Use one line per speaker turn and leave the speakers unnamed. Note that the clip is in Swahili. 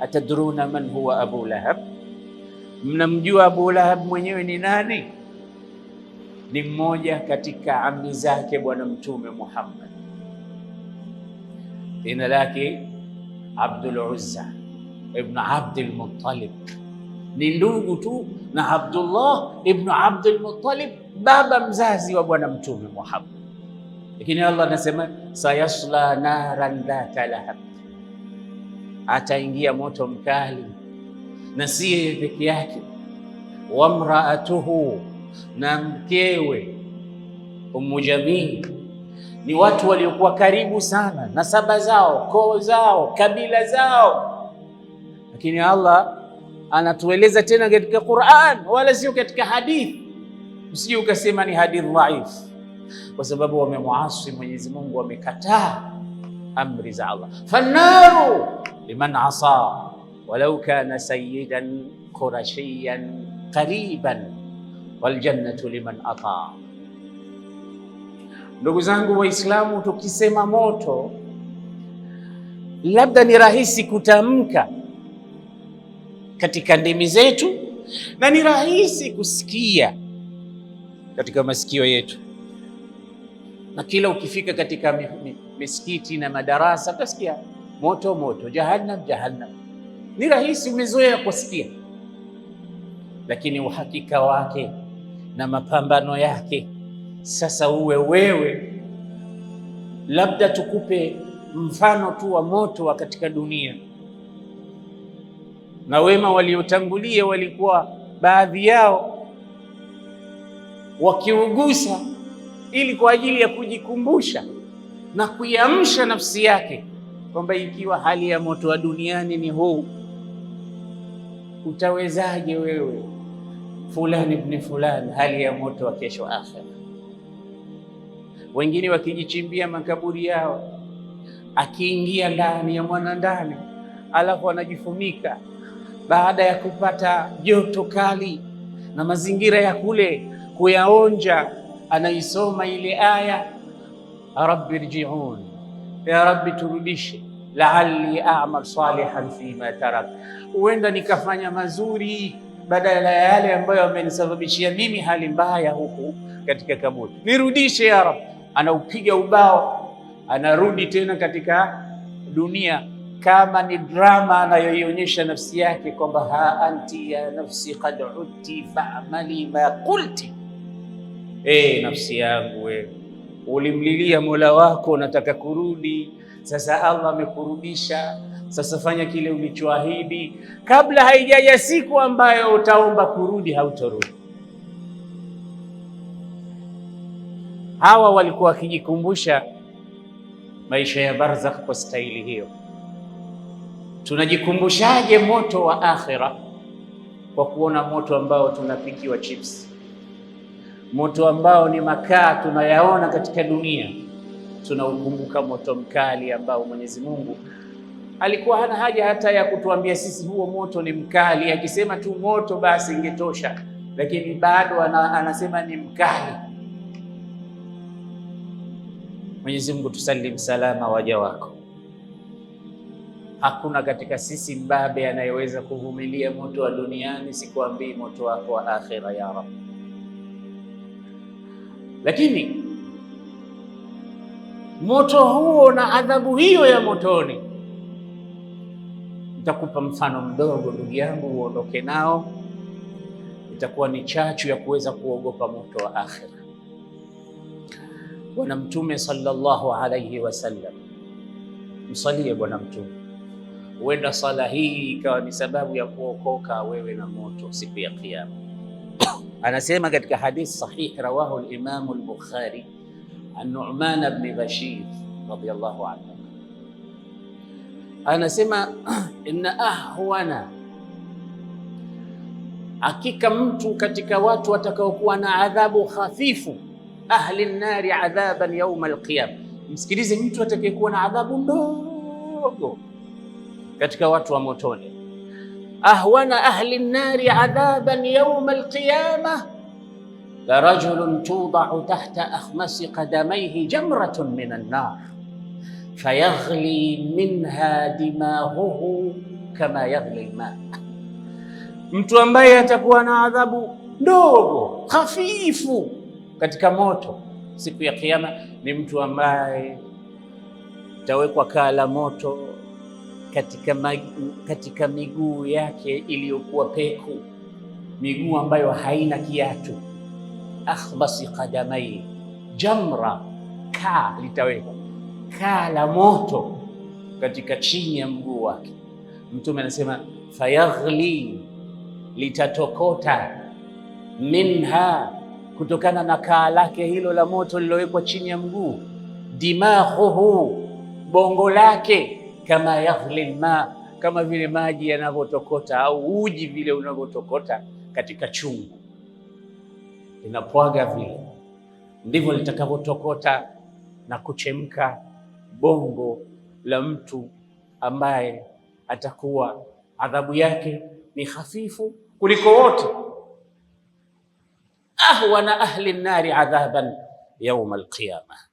atadruna man huwa abu lahab, mnamjua Abu Lahab mwenyewe ni nani? Ni mmoja katika ami zake Bwana Mtume Muhammad, jina lake Abdul Uzza ibn Abdul Muttalib, ni ndugu tu na Abdullah ibn Abdul Muttalib, baba mzazi wa Bwana Mtume Muhammad. Lakini Allah anasema sayasla naran dhata lahab ataingia moto mkali, na si yeye peke yake, wamraatuhu, na mkewe Ummu Jamii. Ni watu waliokuwa karibu sana, nasaba zao, koo zao, kabila zao, lakini Allah anatueleza tena katika Qur'an, wala sio katika hadithi. Usije ukasema ni hadithi dhaif, kwa sababu wamemwasi Mwenyezi Mungu, wamekataa amri za Allah fannaru liman asa walau kana sayyidan qurashiyan qariban waljannatu liman ata. Ndugu zangu Waislamu, tukisema moto labda ni rahisi kutamka katika ndimi zetu na ni rahisi kusikia katika masikio yetu, na kila ukifika katika misikiti na madarasa utasikia moto moto, jahannam jahannam. Ni rahisi, umezoea kusikia, lakini uhakika wake na mapambano yake. Sasa uwe wewe, labda tukupe mfano tu wa moto wa katika dunia, na wema waliotangulia walikuwa baadhi yao wakiugusa ili kwa ajili ya kujikumbusha na kuiamsha nafsi yake kwamba ikiwa hali ya moto wa duniani ni huu, utawezaje wewe fulani ibn fulani hali ya moto wa kesho akhera? Wengine wakijichimbia makaburi yao, akiingia ndani ya mwana ndani, alafu anajifunika baada ya kupata joto kali na mazingira ya kule kuyaonja, anaisoma ile aya rabbi rjiun ya Rabbi, turudishe laali amal salihan fima tarak, huenda nikafanya mazuri badala ya yale ambayo amenisababishia mimi hali mbaya huku katika kaburi, nirudishe ya Rabbi. Anaupiga ubao, anarudi tena katika dunia kama ni drama anayoionyesha nafsi yake kwamba ha anti ya nafsi qad udti faamali ma qulti, eh nafsi yangu wewe ulimlilia Mola wako, unataka kurudi. Sasa Allah amekurudisha, sasa fanya kile ulichoahidi. Kabla haijaja siku ambayo utaomba kurudi, hautarudi. Hawa walikuwa wakijikumbusha maisha ya barzakh kwa staili hiyo. Tunajikumbushaje moto wa akhira? Kwa kuona moto ambao tunapikiwa chipsi moto ambao ni makaa tunayaona katika dunia, tunaukumbuka moto mkali ambao Mwenyezi Mungu alikuwa hana haja hata ya kutuambia sisi huo moto ni mkali. Akisema tu moto basi ingetosha, lakini bado anasema ni mkali. Mwenyezi Mungu tusalim salama waja wako. Hakuna katika sisi mbabe anayeweza kuvumilia moto wa duniani, sikuambii moto wako wa akhira ya Rabbi. Lakini moto huo na adhabu hiyo ya motoni, nitakupa mfano mdogo ndugu yangu, uondoke nao, itakuwa ni chachu ya kuweza kuogopa moto wa akhira. Bwana Mtume sallallahu alayhi wasallam, msalie Bwana Mtume, huenda sala hii ikawa ni sababu ya kuokoka wewe na moto siku ya Kiyama. Anasema katika hadithi sahih rawahu al-Imam al-Bukhari an-Nu'man ibn Bashir radiyallahu anhu, anasema inna ahwana, hakika mtu katika watu watakaokuwa na adhabu khafifu ahli an-nari adhaban yawm al-qiyama, msikilize, mtu atakayekuwa na adhabu ndogo katika watu wa motoni ahwana ahli nnari adhaban yauma alqiyama la rajulun tudau tahta akhmasi qadamaihi jamratun min annar fayaghli minha dimahuhu kama yaghli lma, mtu ambaye atakuwa na adhabu ndogo hafifu katika moto siku ya Kiyama ni mtu ambaye tawekwa kaa la moto katika, katika miguu yake iliyokuwa peku, miguu ambayo haina kiatu. Akhbasi qadamai jamra, kaa litawekwa kaa la moto katika chini ya mguu wake. Mtume anasema fayaghli, litatokota minha, kutokana na kaa lake hilo la moto lilowekwa chini ya mguu, dimahuhu, bongo lake kama yaghli lma, kama vile maji yanavyotokota au uji vile unavyotokota katika chungu, linapwaga vile, ndivyo litakavyotokota na kuchemka bongo la mtu ambaye atakuwa adhabu yake ni hafifu kuliko wote. ahwana ahli nnari adhaban yauma alqiyama